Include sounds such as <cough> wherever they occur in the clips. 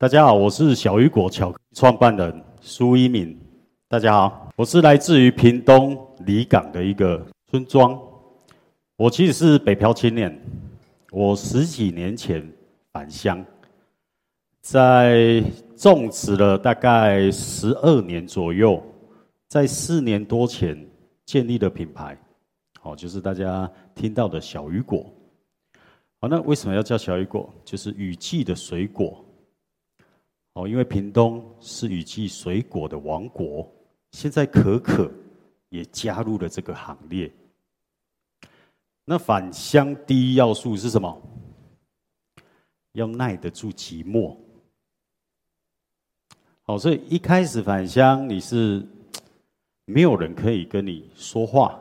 大家好，我是小雨果巧克力創辦人蘇一明。大家好，我是來自於屏東里港的一個村莊。我其實是北漂青年，我十幾年前返鄉，在種植了大概十二年左右，在四年多前建立了品牌，好，就是大家聽到的小雨果。好，那為什麼要叫小雨果？就是雨季的水果。哦，因為屏東是雨季水果的王國，現在可可也加入了這個行列。那返鄉第一要素是什麼？要耐得住寂寞。好，所以一開始返鄉，你是沒有人可以跟你說話，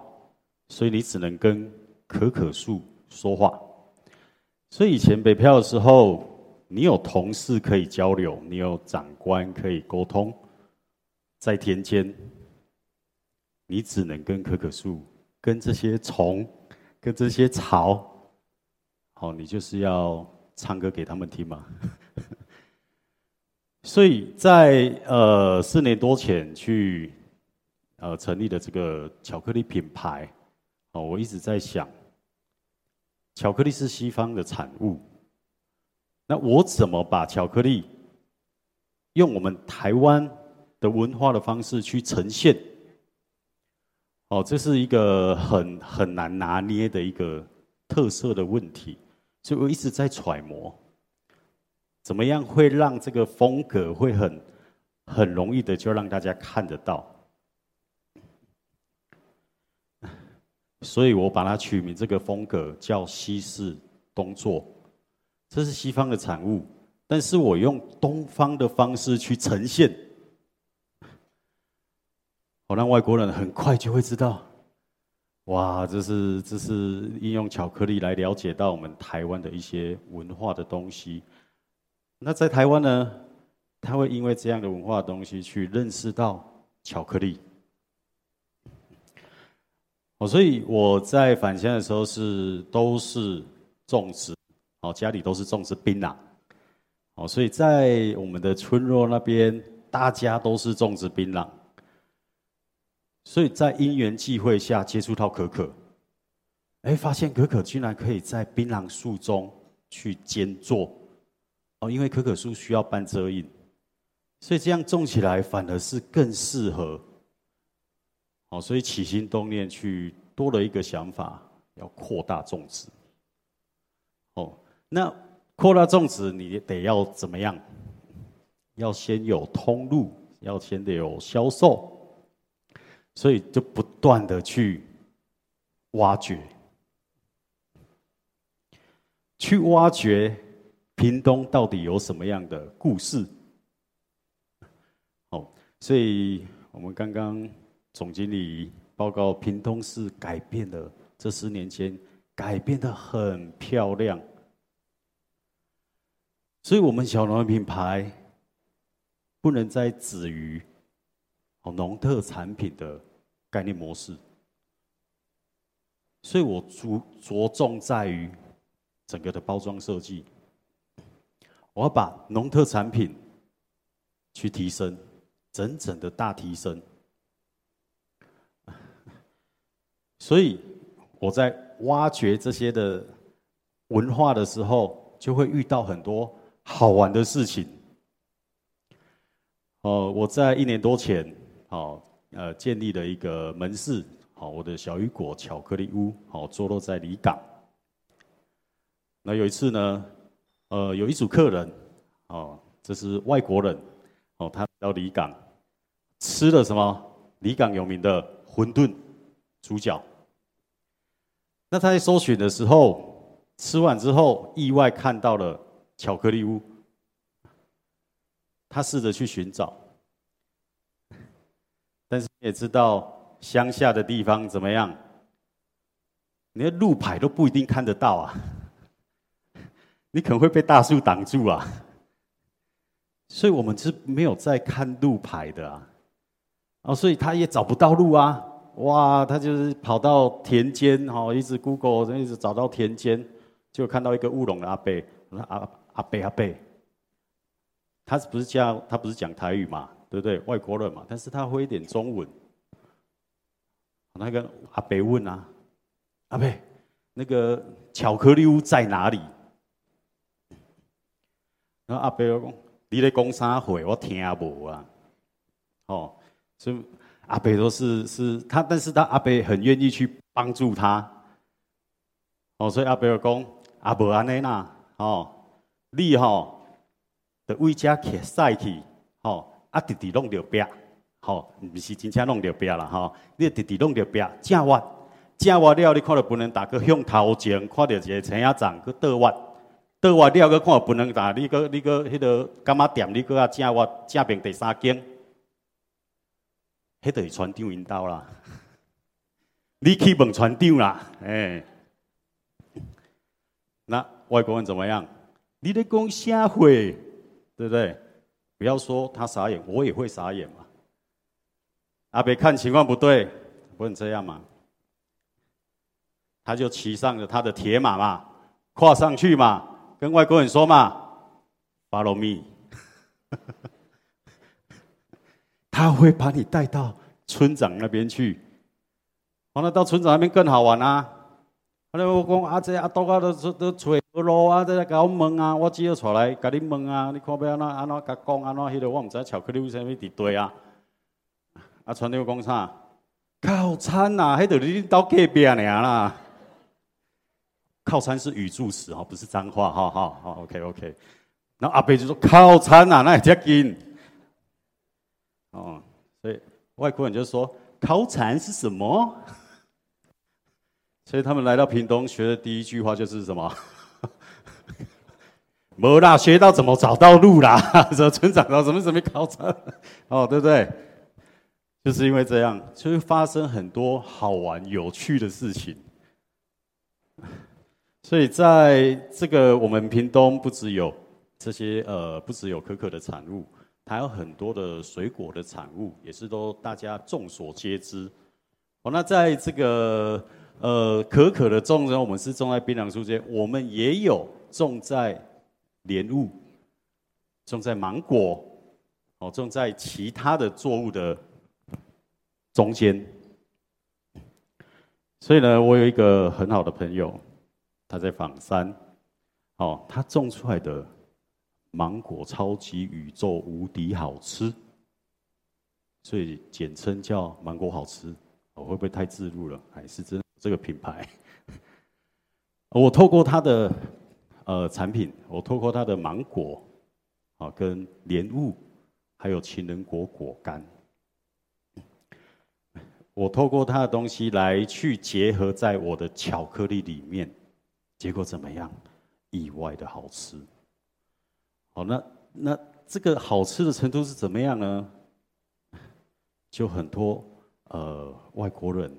所以你只能跟可可樹說話。所以以前北漂的時候，你有同事可以交流，你有長官可以溝通，在田間，你只能跟可可樹、跟這些蟲、跟這些草，哦，你就是要唱歌給他們聽嘛。 <laughs> 所以在呃四年多前去呃成立的這個巧克力品牌，哦，我一直在想，巧克力是西方的產物。那我怎麼把巧克力用我們台灣的文化的方式去呈現？哦，這是一個很很難拿捏的一個特色的問題，所以我一直在揣摩，怎麼樣會讓這個風格會很很容易的就讓大家看得到。所以我把它取名這個風格叫西式東作。這是西方的產物，但是我用東方的方式去呈現，我讓外國人很快就會知道，哇，這是這是應用巧克力來了解到我們台灣的一些文化的東西。那在台灣呢，他會因為這樣的文化的東西去認識到巧克力。哦，所以我在返鄉的時候是都是種植。哦，家裡都是種植檳榔，哦，所以在我們的村落那邊，大家都是種植檳榔，所以在因緣際會下接觸到可可，哎、欸，發現可可竟然可以在檳榔樹中去間作，哦，因為可可樹需要半遮陰，所以這樣種起來反而是更適合，哦，所以起心動念去多了一個想法，要擴大種植。那擴大種植，你得要怎麼樣？要先有通路，要先得有銷售，所以就不斷的去挖掘，去挖掘屏東到底有什麼樣的故事。好，所以我們剛剛總經理報告，屏東是改變了，這十年前改變的很漂亮。所以，我們小農品牌不能再止於哦農特產品的概念模式，所以我着着重在於整個的包裝設計，我要把農特產品去提升，整整的大提升。所以我在挖掘這些的文化的時候，就會遇到很多。好玩的事情，哦，我在一年多前，呃，建立了一個門市，好，我的小雨果巧克力屋，好，坐落在里港。那有一次呢，呃，有一組客人，哦，這是外國人，哦，他到里港，吃了什麼？里港有名的餛飩、豬腳。那他在搜尋的時候，吃完之後，意外看到了。巧克力屋，他試着去尋找，但是也知道鄉下的地方怎麼樣，連路牌都不一定看得到啊，你可能會被大樹擋住啊，所以我們是沒有在看路牌的啊，所以他也找不到路啊，哇，他就是跑到田間，哈，一直 Google，一直找到田間，就看到一個烏龍的阿伯，阿伯阿伯，他是不是叫他不是講台語嘛，對不對？外國人嘛，但是他會一點中文。那個阿伯問啊，阿伯，那個巧克力屋在哪裡？那阿伯就講，你咧講啥話？我聽無啊。哦，所以阿伯說是是他，但是他阿伯很願意去幫助他。哦，所以阿伯就講，阿伯安尼吶，哦。你吼、哦，著為遮騎賽去，吼、哦、啊！直直弄着壁，吼、哦、毋是真正弄着壁啦，吼、哦、你直直弄着壁，正斡正斡了，你看到不能大佫向頭前，看到一個車仔站，佫倒斡，倒斡了，佫看不能大，你佫你佫迄落柑仔店，你佫啊正斡正平第三間，迄著是船長因兜啦，你去問船長啦，哎、欸，那外國人怎麼樣？你在講社會，對不對？不要說他傻眼，我也會傻眼嘛。阿伯看情況不對，不能這樣嘛。他就騎上了他的鐵馬嘛，跨上去嘛，跟外國人說嘛：“Follow me。 <laughs> ”他會把你帶到村長那邊去，完了，哦，到村長那邊更好玩啊。阿咧，我講阿這阿倒啊，啊都都吹阿路、啊，阿這來搞問啊，我只要出來，甲你問啊，你看要安怎安怎甲講，安怎迄個我唔知巧克力有啥物地對啊？阿川流講啥？靠餐啊，迄度你到隔壁爾啦。靠餐是語助詞哦，不是髒話，好好好 OK OK。然後阿伯就說靠餐啊，那也遮緊。哦，所以外國人就說靠餐是什麼？所以他們來到屏東學的第一句話就是什麼？沒有啦，學到怎麼找到路啦？這村長到什麼什麼考場？哦，對不對？就是因為這樣，就會發生很多好玩有趣的事情。所以在這個我們屏東不只有這些呃不只有可可的產物，還有很多的水果的產物，也是都大家眾所皆知。好、哦，那在這個。呃，可可的種呢，我們是種在檳榔樹間，我們也有種在蓮霧，種在芒果，哦，種在其他的作物的中間。所以呢，我有一個很好的朋友，他在枋山，哦，他種出來的芒果超級宇宙無敵好吃，所以簡稱叫芒果好吃。我、哦、會不會太自露？了還是真的？這個品牌，我透過它的呃產品，我透過它的芒果啊，跟蓮霧，還有情人果果乾，我透過它的東西來去結合在我的巧克力裡面，結果怎麼樣？意外的好吃。好，那那這個好吃的程度是怎麼樣呢？就很多呃外國人。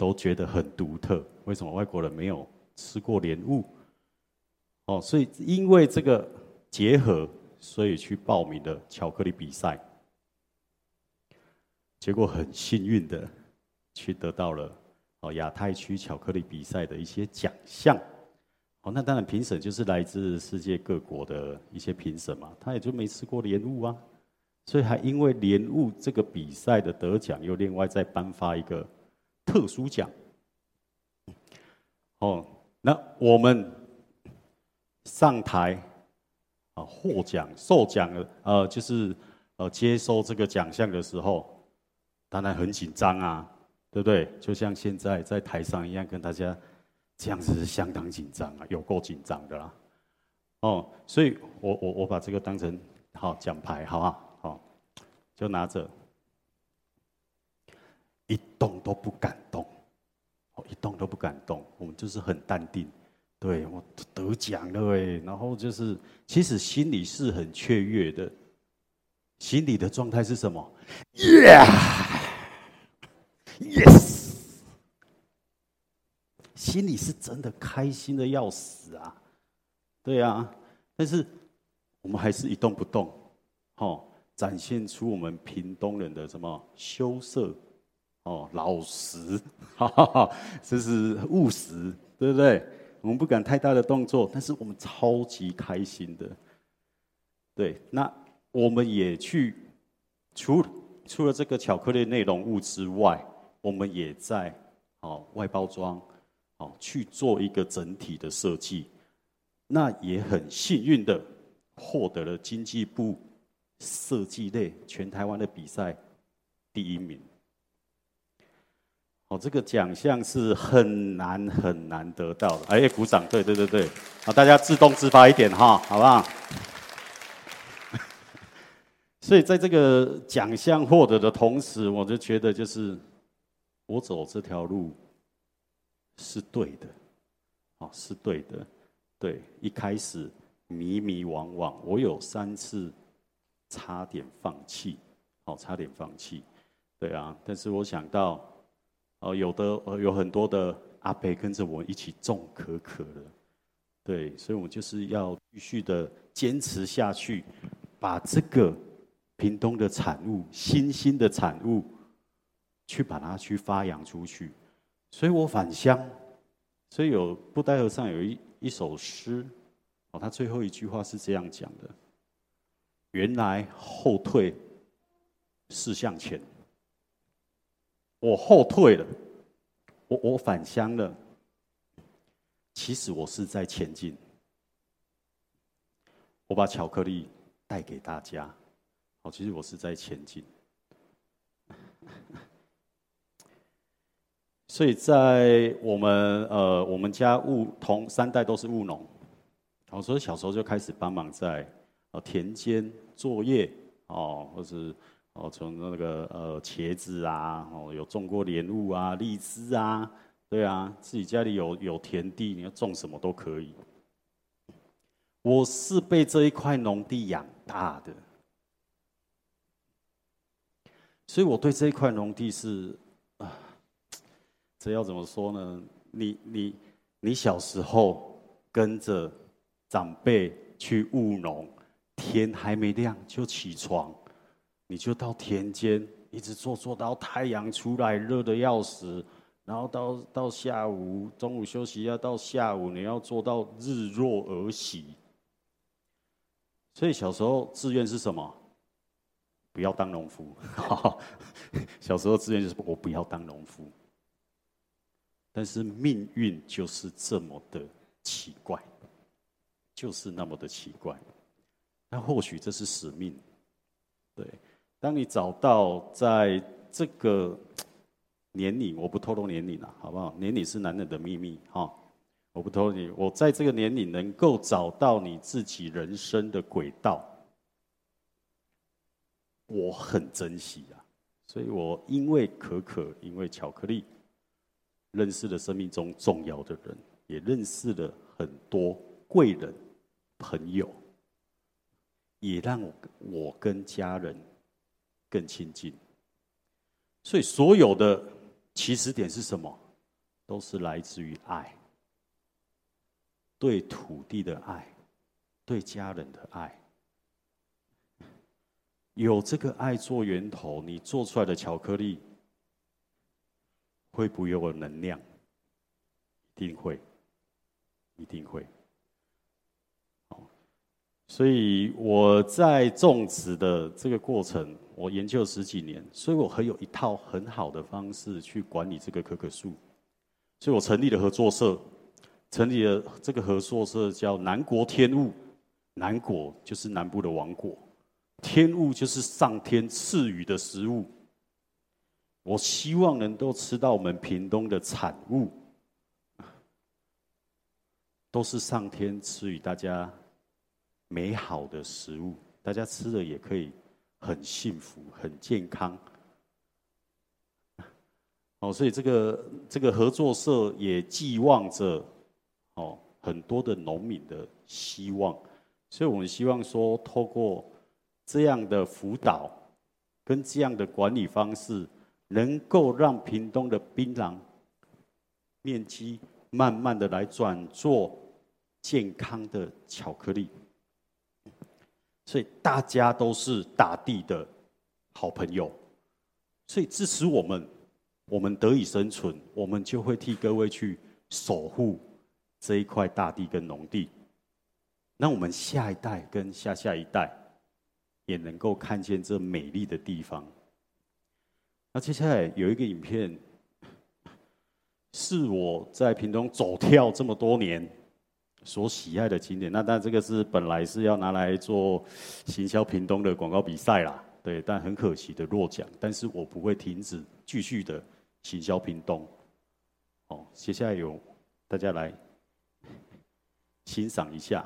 都覺得很獨特，為什麼外國人沒有吃過蓮霧？哦，所以因為這個結合，所以去報名的巧克力比賽，結果很幸運的去得到了哦亞太區巧克力比賽的一些獎項。哦，那當然評審就是來自世界各國的一些評審嘛，他也就沒吃過蓮霧啊，所以還因為蓮霧這個比賽的得獎，又另外再頒發一個特殊獎，哦，那我們上台啊，獲獎、受獎的，呃，就是呃，接受這個獎項的時候，當然很緊張啊，對不對？就像現在在台上一樣，跟大家這樣子是相當緊張啊，有夠緊張的啦。哦，所以我我我把這個當成好獎牌，好不好？好，就拿着。一動都不敢動，哦，一動都不敢動。我們就是很淡定，對，我得獎了哎、欸，然後就是其實心裡是很雀躍的，心裡的狀態是什麼 Yeah, Yes，心裡是真的開心的要死啊。對啊，但是我們還是一動不動，好，展現出我們屏東人的什麼羞澀。哦，老實，哈哈哈，哈，這是，是務實，對不對？我們不敢太大的動作，但是我們超級開心的。對，那我們也去，除除了這個巧克力內容物之外，我們也在哦外包裝哦去做一個整體的設計。那也很幸運的獲得了經濟部設計類全台灣的比賽第一名。哦，這個獎項是很難很難得到的。哎，鼓掌！對對對對，好，大家自動自發一點哈，好不好？所以，在這個獎項獲得的同時，我就覺得就是，我走這條路是對的，哦，是對的，對。一開始迷迷惘惘，我有三次差點放棄，哦，差點放棄，對啊。但是我想到。哦，有的，有很多的阿伯跟着我一起種可可的，對，所以我就是要繼續的堅持下去，把這個屏東的產物、新興的產物，去把它去發揚出去。所以我返鄉，所以有布袋和尚有一一首詩，哦，他最後一句話是這樣講的：原來後退是向前。我後退了，我，我返鄉了。其實我是在前進。我把巧克力帶給大家，好，其實我是在前進。所以在我們呃，我們家務同三代都是務農，好，所以小時候就開始幫忙在田間作業哦，或是。哦，從那個呃茄子啊，哦有種過蓮霧啊、荔枝啊，對啊，自己家裡有有田地，你要種什麼都可以。我是被這一塊農地養大的，所以我對這一塊農地是啊，這要怎麼說呢？你你你小時候跟着長輩去務農，天還沒亮就起床。你就到田間，一直做，做到太陽出來，熱得要死，然後到，到下午，中午休息要到下午，你要做到日落而息。所以小時候志願是什麼？不要當農夫。 <laughs> 小時候志願就是我不要當農夫。但是命運就是這麼的奇怪，就是那麼的奇怪。那或許這是使命，對。當你找到在這個年齡，我不透露年齡了啊，好不好？年齡是男人的秘密，哈！我不透露你。我在這個年齡能夠找到你自己人生的軌道，我很珍惜啊！所以，我因為可可，因為巧克力，認識了生命中重要的人，也認識了很多貴人、朋友，也讓我我跟家人，更親近，所以所有的起始點是什麼？都是來自於愛，對土地的愛，對家人的愛。有這個愛做源頭，你做出來的巧克力會不會有能量？一定會，一定會。所以我在種植的這個過程。我研究了十幾年，所以我很有一套很好的方式去管理這個可可樹，所以我成立了合作社，成立了這個合作社叫南國天物，南國就是南部的王國，天物就是上天賜予的食物。我希望能夠吃到我們屏東的產物，都是上天賜予大家美好的食物，大家吃了也可以很幸福，很健康。哦，所以這個這個合作社也寄望着，哦，很多的農民的希望。所以我們希望說，透過這樣的輔導跟這樣的管理方式，能夠讓屏東的檳榔面積慢慢的來轉做健康的巧克力。所以大家都是大地的好朋友，所以支持我們我們得以生存，我們就會替各位去守護這一塊大地跟農地，那我們下一代跟下下一代也能夠看見這美麗的地方。那接下來有一個影片，是我在屏東走跳這麼多年，所喜愛的景點，那但這個是本來是要拿來做行銷屏東的廣告比賽啦，對，但很可惜的落獎，但是我不會停止，繼續的行銷屏東。好、哦，接下來由大家來欣賞一下。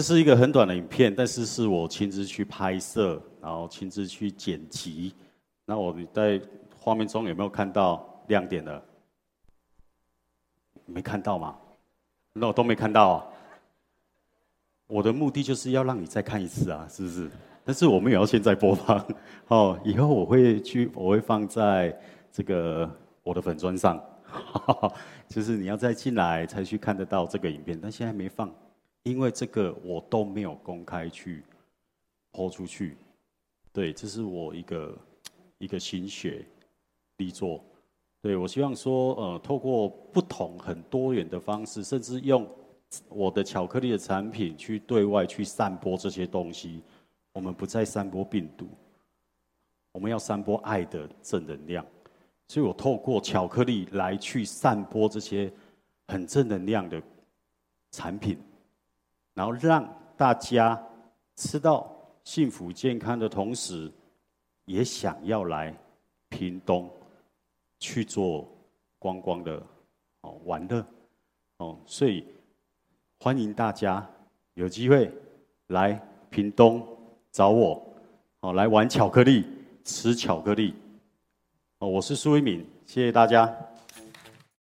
這是一個很短的影片，但是是我親自去拍攝，然後親自去剪輯。那我在畫面中有沒有看到亮點的？沒看到嗎？那我都沒看到啊。我的目的就是要讓你再看一次啊，是不是？但是我們也要現在播放。哦，以後我會去，我會放在這個我的粉專上，就是你要再進來才去看得到這個影片，但現在沒放。因為這個，我都沒有公開去 PO 出去。對，這是我一個一個心血力作。對，我希望說，呃，透過不同很多元的方式，甚至用我的巧克力的產品去對外去散播這些東西。我們不再散播病毒，我們要散播愛的正能量。所以我透過巧克力來去散播這些很正能量的產品。然後讓大家吃到幸福健康的同時，也想要來屏東去做觀光、光的哦玩樂哦，所以歡迎大家有機會來屏東找我哦，來玩巧克力、吃巧克力哦，我是蘇一明，謝謝大家。